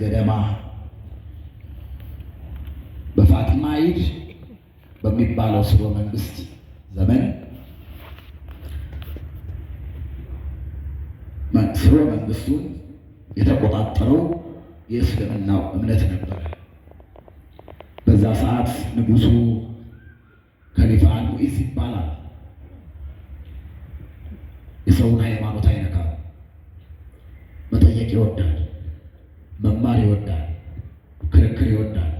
ገደማ ይድ በሚባለው ስርወ መንግስት ዘመን ስርወ መንግስቱን የተቆጣጠረው የእስልምናው እምነት ነበር። በዛ ሰዓት ንጉሱ ከሊፋ አልሙኢዝ ይባላል። የሰውን ሃይማኖት አይነካ፣ መጠየቅ ይወዳል። መማር ይወዳል፣ ክርክር ይወዳል፣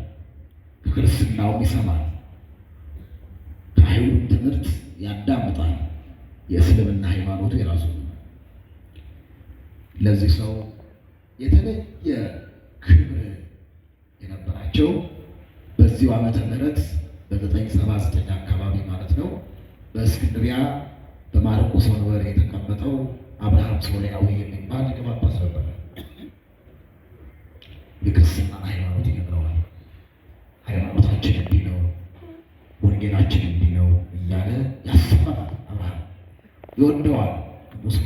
ክርስትናውም ይሰማል፣ ከሀይሉም ትምህርት ያዳምጣል። የእስልምና ሃይማኖቱ የራሱ ለዚህ ሰው የተለየ ክብር የነበራቸው በዚሁ ዓመተ ምህረት በዘጠኝ ሰባ ዘጠኝ አካባቢ ማለት ነው በእስክንድሪያ በማርቆስ መንበር የተቀመጠው አብርሃም ሶሊያዊ የሚባል ሊቀ ጳጳስ ነበር። የክርስትና ሃይማኖት ይነግረዋል። ሃይማኖታችን እንዲህ ነው፣ ወንጌላችን እንዲህ ነው እያለ ያሰማል። አብርሃም ይወደዋል። ቅዱስ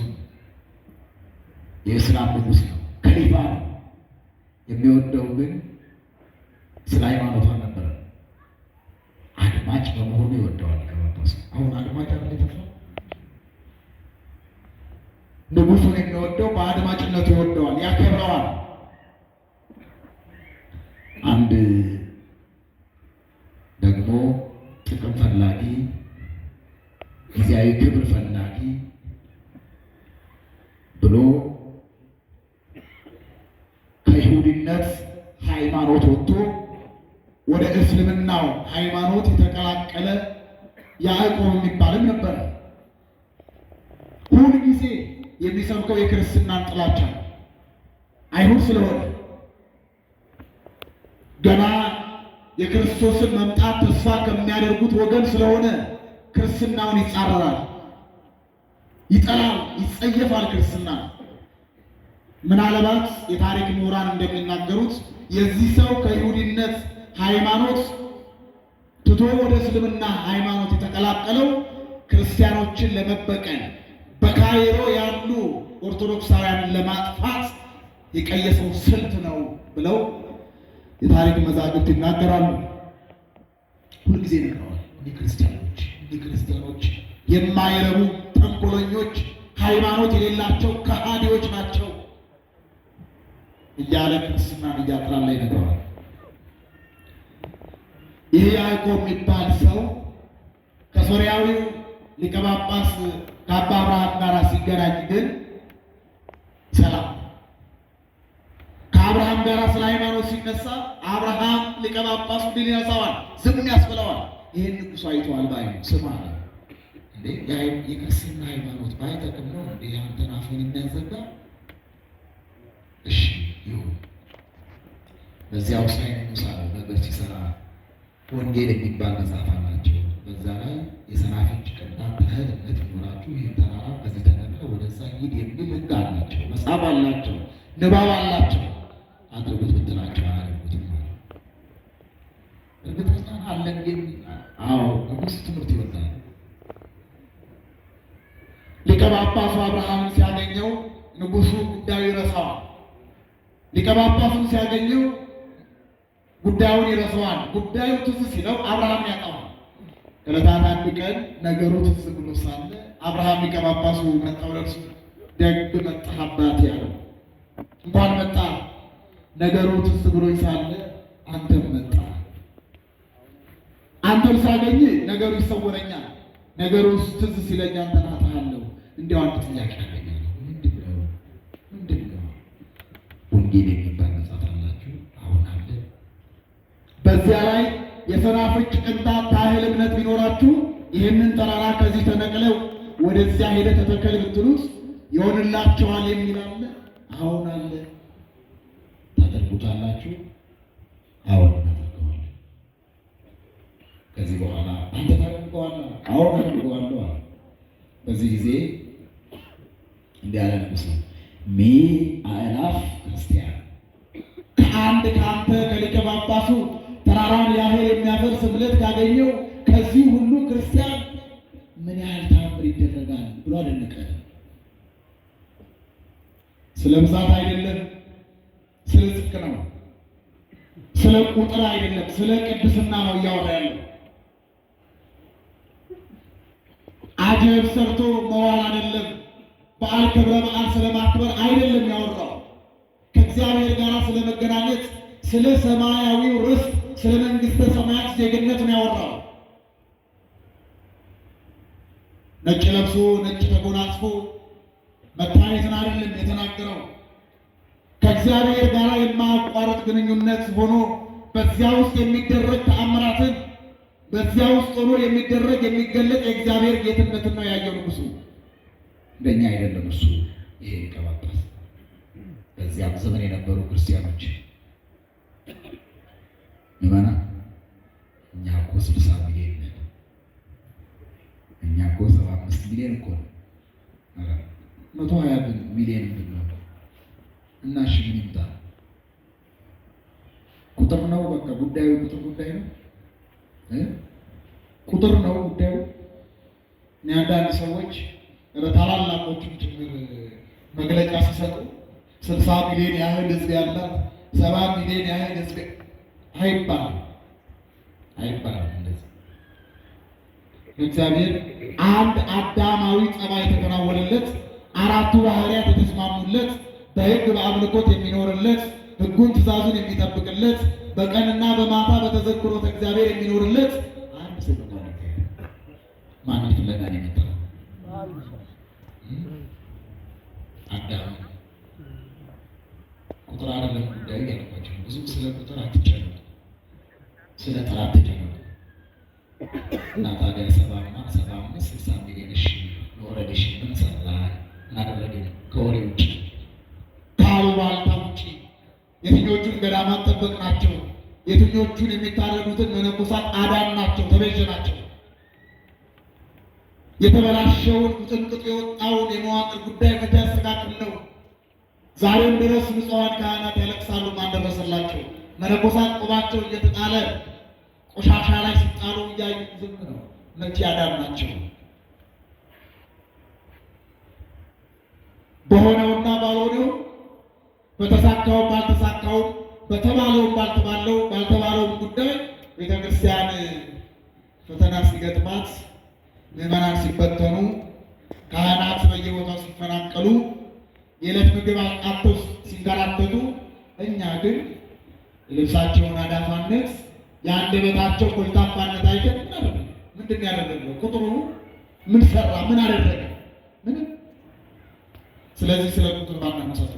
የእስላም ንጉስ ነው፣ ከሊፋ ነው። የሚወደው ግን ስለ ሃይማኖቷ ነበረ። አድማጭ በመሆኑ ይወደዋል። ከመባስ አሁን አድማጭ አለ ተፍለ ንጉሱን የሚወደው በአድማጭነቱ ይወደዋል፣ ያከብረዋል። የክርስትናን ጥላቻ አይሁድ ስለሆነ ገና የክርስቶስን መምጣት ተስፋ ከሚያደርጉት ወገን ስለሆነ ክርስትናውን ይጻረራል፣ ይጠላል፣ ይጸየፋል። ክርስትና ምናልባት የታሪክ ምሁራን እንደሚናገሩት የዚህ ሰው ከይሁዲነት ሃይማኖት ትቶ ወደ እስልምና ሃይማኖት የተቀላቀለው ክርስቲያኖችን ለመበቀል በካይሮ ያሉ ኦርቶዶክሳውያንን ለማጥፋት የቀየሰው ስልት ነው ብለው የታሪክ መዛግብት ይናገራሉ። ሁልጊዜ ነግረዋል። እኒ ክርስቲያኖች እኒ ክርስቲያኖች የማይረቡ ተንኮለኞች፣ ሃይማኖት የሌላቸው ከሃዲዎች ናቸው እያለ ክርስትናን እያጥላላ ይነግረዋል። ይህ ያዕቆብ የሚባል ሰው ከሶርያዊው ሊቀ ጳጳስ ከአባ አብርሃም ጋር ሲገናኝ ግን ሰላም ከአብርሃም ጋር ስለ ሃይማኖት ሲነሳ አብርሃም ሊቀ ጳጳሱ ድል ይነሳዋል፣ ዝም ያስብለዋል። ይህን ንጉሱ አይተዋል። ባይ ስማ የክርስትና ሃይማኖት ባይጠቅም ነው እንዴ አንተን አፍን የሚያዘጋ? እሺ ይሁን። በዚያው ሳይንሳ ነገር ሲሰራ ወንጌል የሚባል መጽሐፍ አላቸው በዛ ላይ የሰራፊን ጭቅላት ተክል እምነት ይኖራችሁ ይህን ተራራ ወደዛ ሂድ የሚል ህግ አላቸው፣ መጽሐፍ አላቸው፣ ንባብ አላቸው። አድርጉት ብትላቸው አያደርጉትም። አለን ግን አዎ ትምህርት ይወጣል። ሊቀ ጳጳሱ አብርሃምን ሲያገኘው ንጉሱ ጉዳዩ ይረሳዋል። ሊቀ ጳጳሱን ሲያገኘው ጉዳዩን ይረሳዋል። ጉዳዩ ትዝ ሲለው አብርሃም ያጣዋል። ዕለታት አንድ ቀን ነገሩ ትዝ ብሎ ሳለ አብርሃም ሊቀ ጳጳሱ መጣው ደርሱ ደግ መጣህ አባት ያለው እንኳን መጣ። ነገሩ ትዝ ብሎ ሳለ አንተም መጣ። አንተም ሳገኝ ነገሩ ይሰውረኛል። ነገሩ ትዝ ሲለኝ አንተን አጣሃለሁ። እንዲያው አንድ ጥያቄ አገኛለሁ። ምንድን ነው ወንጌል የሚ የሰናፍጭ ቅንጣት ታህል እምነት ቢኖራችሁ ይህንን ተራራ ከዚህ ተነቅለው ወደዚያ ሄደ ተተከል ብትሉት ይሆንላችኋል የሚል አለ። አሁን አለ። ታደርጉታላችሁ? አሁን እናደርገዋለን። ከዚህ በኋላ አንተ ታደርገዋለህ? አሁን አደርገዋለሁ። በዚህ ጊዜ እንዲህ ያለ ንጉሥ ነው ሚ አእላፍ ክርስቲያን ከአንድ ከአንተ ከሊቀ ጳጳሱ አርባውን ያህል የሚያፈርስ እምነት ያገኘው ከዚህ ሁሉ ክርስቲያን ምን ያህል ታምር ይደረጋል ብሎ አደነቀ። ስለ ብዛት አይደለም፣ ስለ ጽድቅ ነው። ስለ ቁጥር አይደለም፣ ስለ ቅድስና ነው እያወራ ያለው። አጀብ ሰርቶ መዋል አይደለም፣ በዓል ክብረ በዓል ስለማክበር አይደለም ያወራው፣ ከእግዚአብሔር ጋር ስለመገናኘት ስለ ሰማያዊው ርስት ስለ መንግስተ ሰማያት ዜግነት ነው ያወራው። ነጭ ለብሶ ነጭ ተጎናጽፎ መታየትን አይደለም የተናገረው። ከእግዚአብሔር ጋር የማያቋርጥ ግንኙነት ሆኖ በዚያ ውስጥ የሚደረግ ተአምራትን በዚያ ውስጥ ሆኖ የሚደረግ የሚገለጥ የእግዚአብሔር ጌትነትን ነው ያየው ንጉሱ። እንደኛ አይደለም እሱ። ይሄ ሊቀ ጳጳስ በዚያም ዘመን የነበሩ ክርስቲያኖች ይባና እኛ እኮ ስልሳ ሚሊዮን ነን። እኛ እኮ ሰባ አምስት ሚሊዮን እኮ ነው። መቶ ሀያ ሚሊዮን ብንሆን እና እሺ ምን ይምጣ? ቁጥር ነው በቃ ጉዳዩ ቁጥር ጉዳይ ነው። ቁጥር ነው ጉዳዩ። እኔ አንዳንድ ሰዎች ታላላቆቹም ጭምር መግለጫ ሲሰጡ ስልሳ ሚሊዮን ያህል ህዝብ ያላት ሰባ ሚሊዮን ያህል ህዝብ አይባልም አይባልም። እንደዚህ እግዚአብሔር አንድ አዳማዊ ጸባይ የተከናወነለት አራቱ ባህሪያት የተስማሙለት በሕግ በአምልኮት የሚኖርለት ህጉን ትእዛዙን የሚጠብቅለት በቀንና በማታ በተዘክሮት እግዚአብሔር የሚኖርለት አንድ ሰው ማንም ፍለጋ ነው የመጣው አዳም ቁጥር አይደለም ጉዳዩ ያለባቸው ብዙም ስለ ቁጥር አትጨ ስለተራተደ ነው እና ታዲያ ሰባ ምናምን ሰባ አምስት ስልሳ ሚሊዮን እሺ ወረደሽ ምን ሰራ እናደረገ ከወሬ ውጭ ከአሉባልታ ውጭ የትኞቹን ገዳማት ጠበቅናቸው? የትኞቹን የሚታረዱትን መነኮሳት አዳንናቸው? ናቸው። የተበላሸውን ውጥንቅጥ የወጣውን የመዋቅር ጉዳይ መቼ ያስተካክል ነው? ዛሬም ድረስ ንጹሐን ካህናት ያለቅሳሉ። ማን ደረሰላቸው? መነኮሳት ቆባቸው እየተጣለ ቆሻሻ ላይ ሲጣሉ እያዩ ዝም ነው። እነዚህ ያዳም ናቸው። በሆነውና ባልሆነው በተሳካውም ባልተሳካውም በተባለውም ባልተባለው ባልተባለውም ጉዳይ ቤተ ክርስቲያን ፈተና ሲገጥማት፣ ምዕመናን ሲበተኑ፣ ካህናት በየቦታው ሲፈናቀሉ፣ የዕለት ምግብ አጥተው ሲንከራተቱ፣ እኛ ግን ልብሳቸውን አዳፋነት የአንደበታቸው ኮልታፋነት አይደል? ምንድን ያደረገው ቁጥሩ ምን ሰራ? ምን አደረገ? ምንም። ስለዚህ ስለ ቁጥር ባናነሳት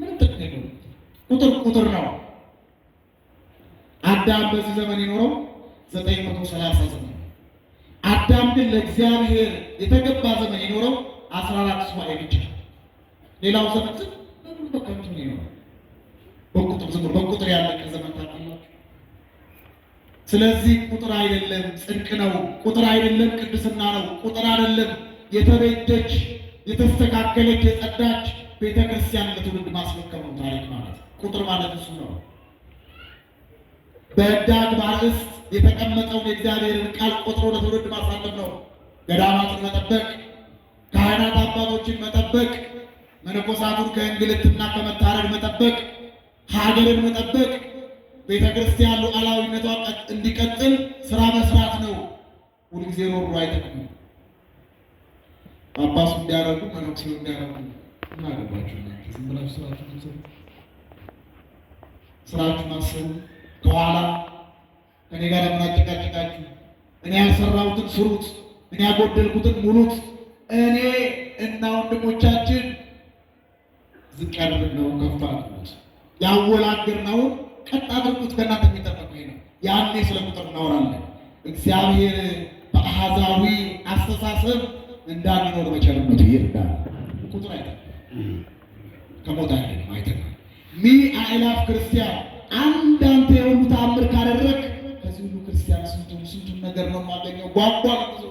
ምን ጥቅም የለውም። ቁጥር ቁጥር ነው። አዳም በዚህ ዘመን የኖረው ዘጠኝ መቶ ሰላሳ ዘመን አዳም ግን ለእግዚአብሔር የተገባ ዘመን የኖረው አስራ አራት ሱባኤ ብቻ ሌላው ዘመን ዝም በቃ ነው የኖረው በቁጥር ዝም በቁጥር ያለቀ ዘመን ታውቃላችሁ። ስለዚህ ቁጥር አይደለም ጽድቅ ነው። ቁጥር አይደለም ቅድስና ነው። ቁጥር አይደለም የተቤደች የተስተካከለች የጸዳች ቤተክርስቲያን ለትውልድ ማስመከር ነው ታሪክ ማለት ቁጥር ማለት እሱ ነው። በዳግ ማግስት የተቀመጠውን የእግዚአብሔርን ቃል ቆጥሮ ለትውልድ ማሳለፍ ነው። ገዳማትን መጠበቅ፣ ካህናት አባቶችን መጠበቅ፣ መነኮሳቱን ከእንግልትና ከመታረድ መጠበቅ ሀገርን መጠበቅ፣ ቤተ ክርስቲያን ሉዓላዊነቷ እንዲቀጥል ስራ መስራት ነው። ሁልጊዜ ሮሮ አይጠቅም። ጳጳሱ እንዲያረጉ መነኩሴ እንዲያረጉ እናደርጓቸው ዝም ብላችሁ ስራችሁ ሰሩ፣ ስራችሁን አሰሩ። ከኋላ ከኔ ጋር ምን የምናጨቃጨቃችሁ እኔ ያሰራሁትን ስሩት፣ እኔ ያጎደልኩትን ሙሉት። እኔ እና ወንድሞቻችን ዝቅ ያደረግነውን ከፍ አድርጉት። ያወላገድነውን ቀጥ አድርጉት። ከእናንተ የሚጠበቅ ነው። ያኔ ስለ ቁጥር እናወራለን። እግዚአብሔር በአሕዛዊ አስተሳሰብ እንዳንኖር መቸርነቱ ይርዳል። ቁጥር አይተ ከሞት አለ አይተ ሚ አእላፍ ክርስቲያን አንዳንተ አንተ የሆኑ ተአምር ካደረግ ከዚህ ሁሉ ክርስቲያን ስንቱን ስንቱን ነገር ነው የማገኘው። ጓጓ ብዙ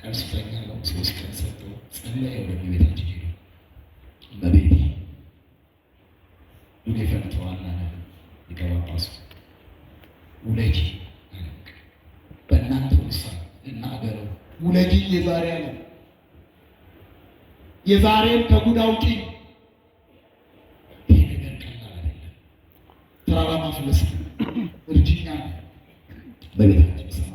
ቀን ስጠኛለው ሶስት ቀን ሰጠው ጸለየ ወደ ቤታችን ሄደ በቤት ይደፈንተዋል አለ ሊቀ ጳጳሱ። ውለጂ በእናንተ ውሳ እናገረው ውለጂ የዛሬ አለ የዛሬን ከጉድ አውጪ። ይህ ነገር ቀላል አይደለም። ተራራ ማፍለስ እርጅኛ በቤታችን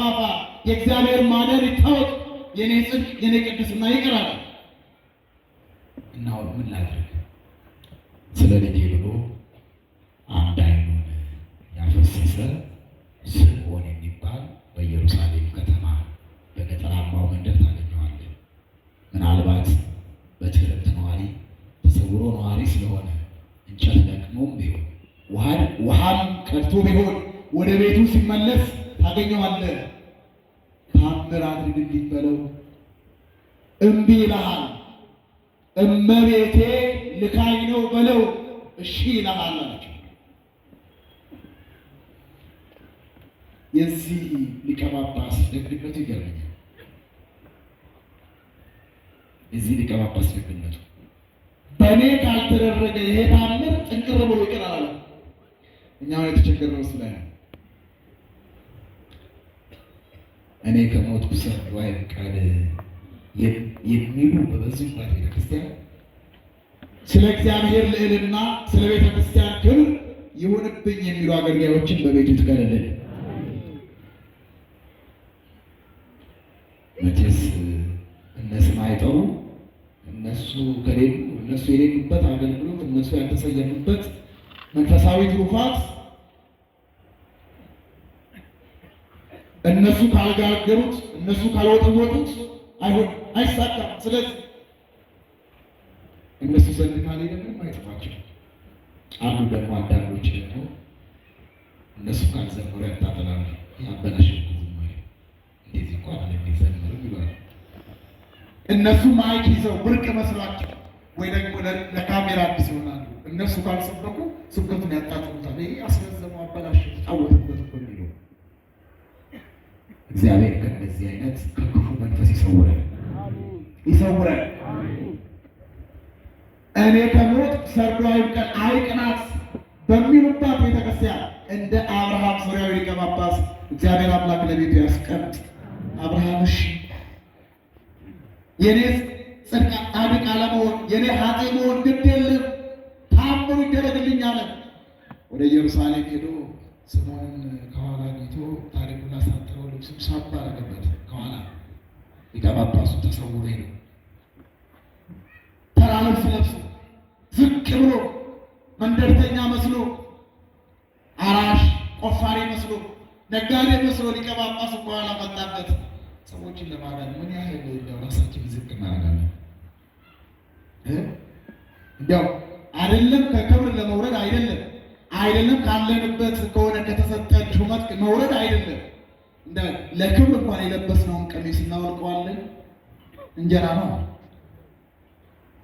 ይስፋፋ፣ የእግዚአብሔር ማደር ይታወቅ፣ የኔ ጽድቅ የኔ ቅድስና ይቅራል። እናሁን ምን ላድርግ? ስለ ልጄ ብሎ አንድ አይኑን ያፈሰሰ ስምዖን የሚባል በኢየሩሳሌም ከተማ በገጠራማው መንደር ታገኘዋለን። ምናልባት በትርምት ነዋሪ ተሰውሮ ነዋሪ ስለሆነ እንጨት ለቅሞም ቢሆን ውሃም ቀድቶ ቢሆን ወደ ቤቱ ሲመለስ ታገኘዋለህ። ታምር አድርግ በለው። እምቢ ይልሃል። እመቤቴ ልካኝ ነው በለው። እሺ ይልሃል አላቸው። የዚህ ሊቀ ጳጳስ ደግነቱ ይገርመኛል። የዚህ ሊቀ ጳጳስ ደግነቱ በእኔ ካልተደረገ ይሄ ታምር ጥንቅር ብሎ ይቀራል። እኛ የተቸገርነው ስለ እኔ ከሞት ብሰር ዋይ ቃል የሚሉ በበዙ ባት ቤተክርስቲያን ስለ እግዚአብሔር ልዕልና ስለ ቤተክርስቲያን ክብር ይሁንብኝ የሚሉ አገልጋዮችን በቤቱ ትቀልልን። መቼስ እነ ስም አይጠሩ እነሱ ከሌሉ እነሱ የሌሉበት አገልግሎት እነሱ ያልተሰየሙበት መንፈሳዊ ትሩፋት እነሱ ካልጋገሩት፣ እነሱ ካልወጠወጡት አይሆንም፣ አይሳካም። ስለዚህ እነሱ ዘንድ ካልሄደ ደግሞ አይጠፋቸው። አሉ ደግሞ አንዳንዶች ደግሞ እነሱ ካልዘመሩ ያታጠላሉ፣ ያበላሽ እንደዚህ እኳ ለሚዘምሩ ይሏል። እነሱ ማይክ ይዘው ብርቅ መስሏቸው ወይ ደግሞ ለካሜራ አዲስ ይሆናሉ። እነሱ ካልሰበኩ ስብከቱን ያጣጥሉታል። ይሄ አስረዘሙ፣ አበላሽ፣ ጫወትበት እኮ እግዚአብሔር ግን እንደዚህ አይነት ከክፉ መንፈስ ይሰውራል ይሰውራል። እኔ ከሞት ሰርዶ አይቀር አይቅናት በሚሉባት ቤተክርስቲያን እንደ አብርሃም ሶርያዊ ሊቀ ጳጳስ እግዚአብሔር አምላክ ለቤቱ ያስቀምጥ። አብርሃም እሺ የኔ ጽድቅ ጻድቅ አለመሆን የኔ ኃጥእ መሆን ግድ የለም ታምሩ ይደረግልኛል። ወደ ኢየሩሳሌም ሄዶ ስምዖንን ከኋላ ጌቶ ታሪኩን አሳጥረው ልብሱ ሻባ አረገበት። ከኋላ ሊቀ ጳጳሱ ተሰውሬ ነው ተራ ልብስ ለብሶ ዝቅ ብሎ መንደርተኛ መስሎ፣ አራሽ ቆፋሪ መስሎ፣ ነጋዴ መስሎ ሊቀ ጳጳሱ ከኋላ መጣበት። ሰዎችን ለማዳን ምን ያህል እንደው ራሳችን ዝቅ እናደርጋለን። እንዲያው አይደለም ከክብር ለመውረድ አይደለም አይደለም ካለንበት ከሆነ ከተሰጠን ሹመት መውረድ አይደለም። እንደ ለክብር እንኳን የለበስነውን ቀሚስ እናወልቀዋለን። እንጀራ ነው።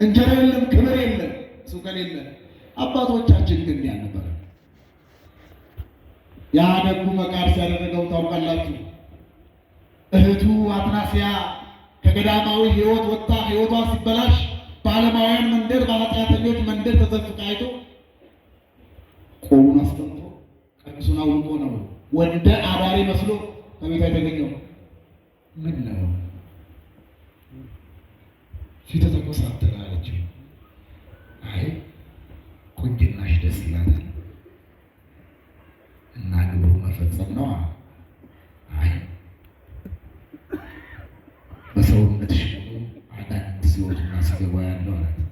እንጀራ የለም፣ ክብር የለም፣ እሱ ከሌለ አባቶቻችን ግን ያ ነበር። ያ ሲያደረገው መቃርስ ታውቃላችሁ። እህቱ አትናስያ ከገዳማዊ ሕይወት ወጥታ ሕይወቷ ሲበላሽ በዓለማውያን መንደር፣ በኃጢአተኞች መንደር ተዘፍቃ አይቶ ቆቡን አስቀምጦ ቀሚሱን አውልቆ ነው ወንደ አዳሪ መስሎ ከቤት የተገኘው። ምን ነው ፊት ተኮሳተረ አለችው። አይ ቁንጅናሽ ደስ ይላታል እና ግብሩ መፈጸም ነው። አይ በሰውነትሽ ደግሞ አዳንት ሲወጡና ሲገባ ያለው አላት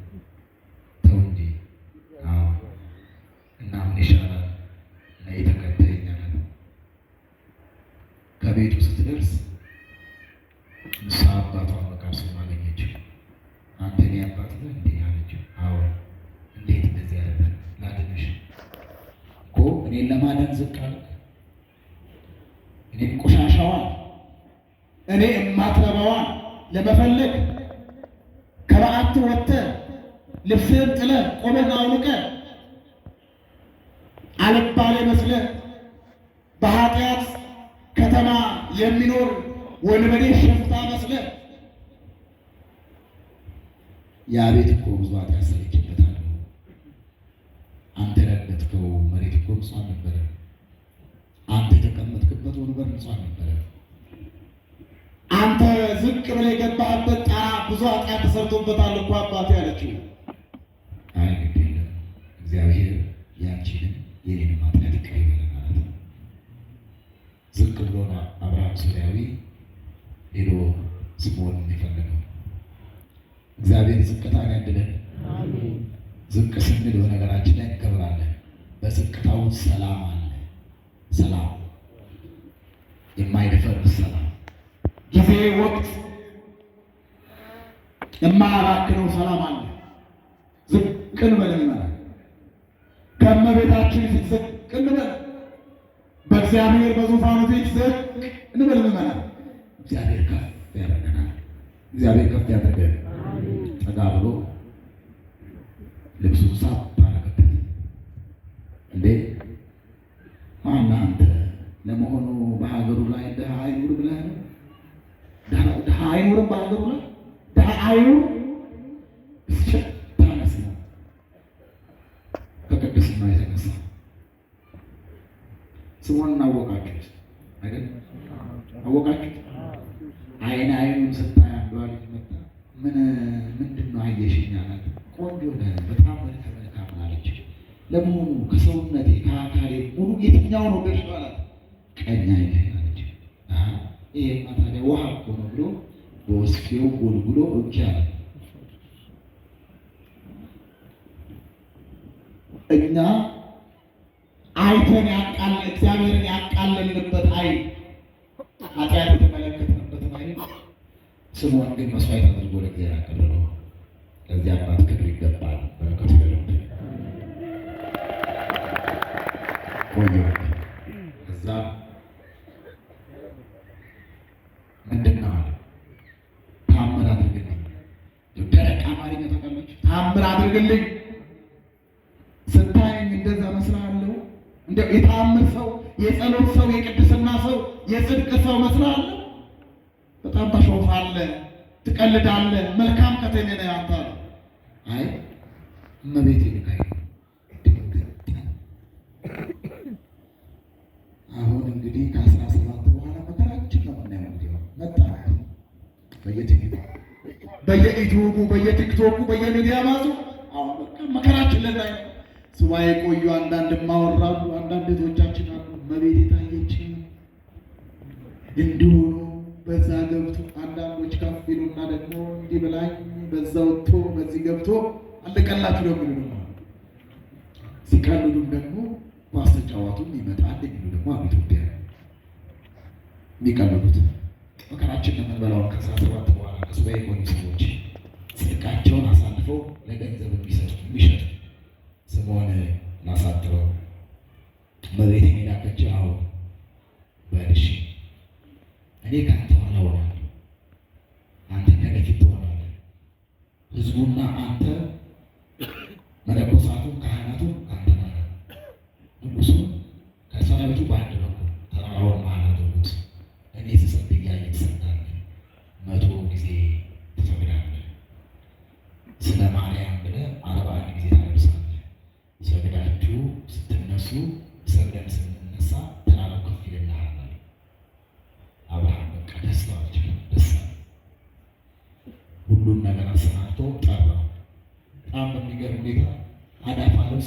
ይሻላል እና የተከተለኛል ከቤቱ ስትደርስ ንስሐ አባቷን መቃብር ስር ማገኘችው። አንተ እኔ አባት ነህ እንዴ አለችው። አዎ። እንዴት እንደዚህ ያለበት ላድንሽ እኮ እኔን ለማዳን ዝቅ አለ። ቆሻሻዋን እኔ የማትረባዋን ለመፈለግ ከበዓት ወጥተህ ልብስህን ጥለህ ቆብህን አውልቀህ አልባሌ መስለህ በኃጢአት ከተማ የሚኖር ወንበዴ ሸፍታ መስለህ ያ ቤት እኮ ብዙ ኃጢአት አንተ ረገጥከው መሬት እኮ ንጹሕ ነበረ። አንተ የተቀመጥክበት ወንበር ንጹሕ ነበረ። አንተ ዝቅ ብለህ የገባህበት ጣራ ብዙ ኃጢአት ተሰርቶበታል እኮ አባቴ አለችው። ምስራዊ ሄዶ ስምዖን የሚፈልገው እግዚአብሔር ዝቅታን ያድለን። ዝቅ ስንል በነገራችን ላይ እንከብራለን። በዝቅታው ሰላም አለ። ሰላም የማይደፈር ሰላም፣ ጊዜ ወቅት የማያባክነው ሰላም አለ። ዝቅን በለን ይመራል። ከእመቤታችን ፊት ዝቅ እንበል። በእግዚአብሔር በዙፋኑ ፊት ዝቅ እንበል ምዕመናን። እግዚአብሔር ከፍ ያደርገናል። እግዚአብሔር ከፍ ያደርገን። ጠጋ ብሎ ልብሱን ሳብ ባረገበት እንዴ ማና ለመሆኑ በሀገሩ ላይ ድሀ አይኑር ብለህ ነው? ድሀ አይኑርም በሀገሩ ላይ ድሀ አይኑር ብስቸታነስ ነው አይደል? አወቃችሁ። አይን አይኑን ስታይ አንዷ ልጅ መጣ። ምን ምንድን ነው አየሽኝ አላት። ቆንጆ ነህ፣ በጣም መልከ መልካም አለች። ለመሆኑ ከሰውነቴ ከአካሌ ሙሉ የትኛው ነው ገርሽ አላት። ቀኝ አይነ አለች። ይሄማ ታዲያ ውሃ እኮ ነው ብሎ በወስፌው ጎልጉሎ እጅ አላት። እኛ አይተን ያቃለ እግዚአብሔርን ያቃለልንበት አይን ኃጢአት የተመለከትንበትን አይነት ስምዖን ግን መስዋዕት አድርጎ ለእግዚአብሔር አቀረበ። ለዚህ አባት ክብር ይገባል። በረከቱ ይደረብ። ቆየ እዛ ምንድን ታምር አድርግልኝ። ደረቅ አማርኛ ተቀመች። ታምር አድርግልኝ ስታየኝ እንደዛ መስላለሁ። እንደው የታምር ሰው የጸሎት ሰው የቅድስና የጽድቅ ሰው መስላለህ። በጣም ተሾፋለህ፣ ትቀልዳለህ፣ መልካም ከተሜ ነህ አንተ። አይ እመቤቴ ንካይ አሁን እንግዲህ ከአስራ ሰባት በኋላ መከራችን ነው የምናየው። መጣ በየዩቲዩቡ በየቲክቶኩ በየሚዲያ ማዙ አሁን በቃ መከራችን ለዛ ሱባኤ ቆዩ። አንዳንድ ማወራሉ አንዳንድ ቤቶቻችን አሉ መቤቴታ እንዲሆኑ በዛ ገብቶ አንዳንዶች ከፍ ይሉና ደግሞ እንዲህ ብላኝ በዛ ወጥቶ በዚህ ገብቶ አለቀላችሁ ደግሞ ይሉ ሲቀልሉም ደግሞ ኳስ ይመጣል የሚሉ ደግሞ አብ ኢትዮጵያ የሚቀልሉት መከራችን ለምንበላውን ከአስራ ሰባት በኋላ ከሱባኤ የሆኑ ሰዎች ጽድቃቸውን አሳልፈው ለገንዘብ የሚሰጡ የሚሸጡ ስምዖን ላሳጥረው መሬት የሚላከች አሁን በልሽ እኔ ከአንተ ኋላ እሆናለሁ፣ አንተ ከደፊት ትሆናለህ። ህዝቡና አንተ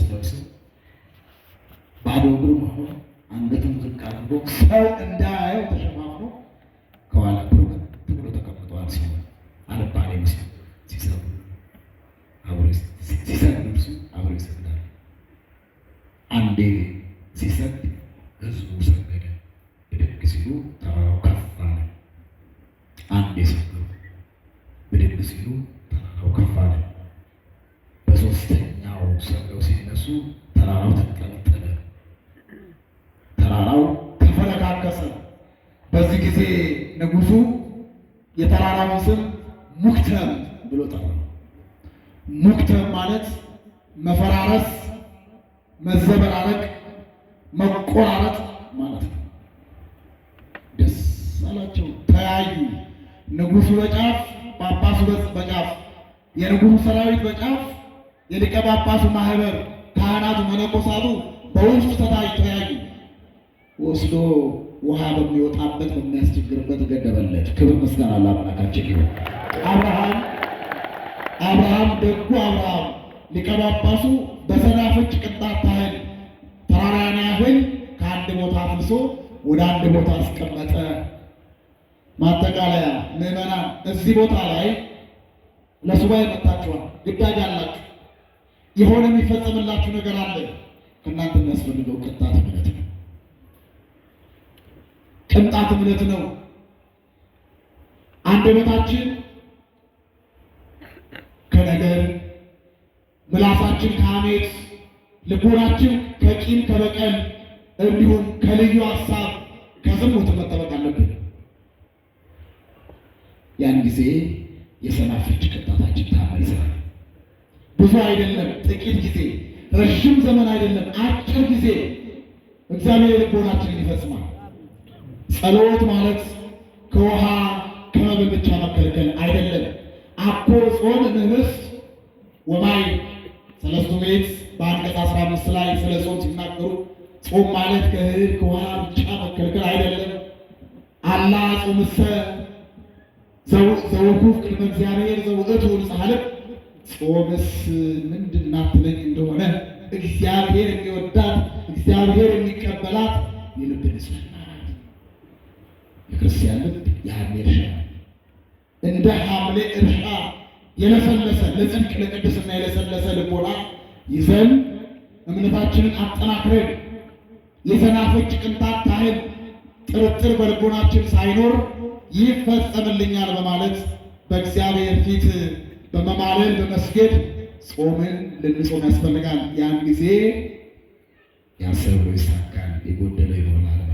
ሲለብስ ባዶ እግሩ ሆኖ አንገቱን ዝቅ አድርጎ ሰው እንዳያየው ተሸፋፍኖ ከኋላ ብሎ ተቀምጠዋል። ሲሆን አለባሌ ምስል ሲሰሩ ሲሰግድ እርሱ አብሮ ይሰግዳል። አንዴ ሲሰግድ ህዝቡ ሰገደ። ብድግ ሲሉ ተራራው ከፍ አለ። አንዴ ሰገዱ። ብድግ ሲሉ ተራራው ተንቀጠቀጠ፣ ተራራው ተፈረካከሰ። በዚህ ጊዜ ንጉሱ የተራራውን ስም ሙክተም ብሎ ጠራው። ሙክተም ማለት መፈራረስ፣ መዘበራረቅ፣ መቆራረጥ ማለት ነው። ደስ አላቸው፣ ተያዩ። ንጉሱ በጫፍ ጳጳሱ በጫፍ የንጉሡ ሰራዊት በጫፍ የሊቀ ጳጳሱ ማህበር ካህናቱ መነኮሳቱ በውስጡ ተታጅቶ ያዩ ወስዶ ውሃ በሚወጣበት በሚያስቸግርበት ገደበለት። ክብር ምስጋና ለአምላካችን ይሁን። አብርሃም አብርሃም ደጉ አብርሃም ሊቀ ጳጳሱ በሰናፍጭ ቅንጣት ያህል ተራራን ያህል ከአንድ ቦታ አፍልሶ ወደ አንድ ቦታ አስቀመጠ። ማጠቃለያ ምዕመናን፣ እዚህ ቦታ ላይ ለሱባኤ መጣችኋል፣ ግዳጅ አላችሁ የሆነ የሚፈጸምላችሁ ነገር አለ። ከእናንተ የሚያስፈልገው ቅንጣት እምነት ነው። ቅንጣት እምነት ነው። አንደበታችን ከነገር፣ ምላሳችን ከሐሜት፣ ልቦናችን ከቂም ከበቀል፣ እንዲሁም ከልዩ ሀሳብ ከዝሙት መጠበቅ አለብን። ያን ጊዜ የሰናፍጭ ቅንጣታችን ታማ ይሰራል። ብዙ አይደለም፣ ጥቂት ጊዜ፣ ረዥም ዘመን አይደለም፣ አጭር ጊዜ እግዚአብሔር ልቦናችንን ይፈጽማል። ጸሎት ማለት ከውሃ ከመብል ብቻ መከልከል አይደለም። አኮ ጾም እምህርት ወማይ ሰለስቱ ምዕት በአንቀጽ አስራ አምስት ላይ ስለ ጾም ሲናገሩ ጾም ማለት ከእህል ከውሃ ብቻ መከልከል አይደለም። አላ ጾምሰ ዘውኩፍ ቅድመ እግዚአብሔር ዘውእቱ ንጽሐልም ጾምስ ምንድን ናት ትለኝ እንደሆነ እግዚአብሔር የሚወዳት እግዚአብሔር የሚቀበላት የልብ ንጽሕና የክርስቲያን ልብ የሐምሌ እርሻ እንደ ሐምሌ እርሻ የለሰለሰ ለጽድቅ ለቅድስና የለሰለሰ ልቦና ይዘን እምነታችንን አጠናክረን የሰናፍጭ ቅንጣት ታህል ጥርጥር በልቦናችን ሳይኖር ይፈጸምልኛል በማለት በእግዚአብሔር ፊት በመማለል በመስገድ ጾምን ልንጾም ያስፈልጋል። ያን ጊዜ ያሰብነው ይሳካል፣ የጎደለው ይሞላል።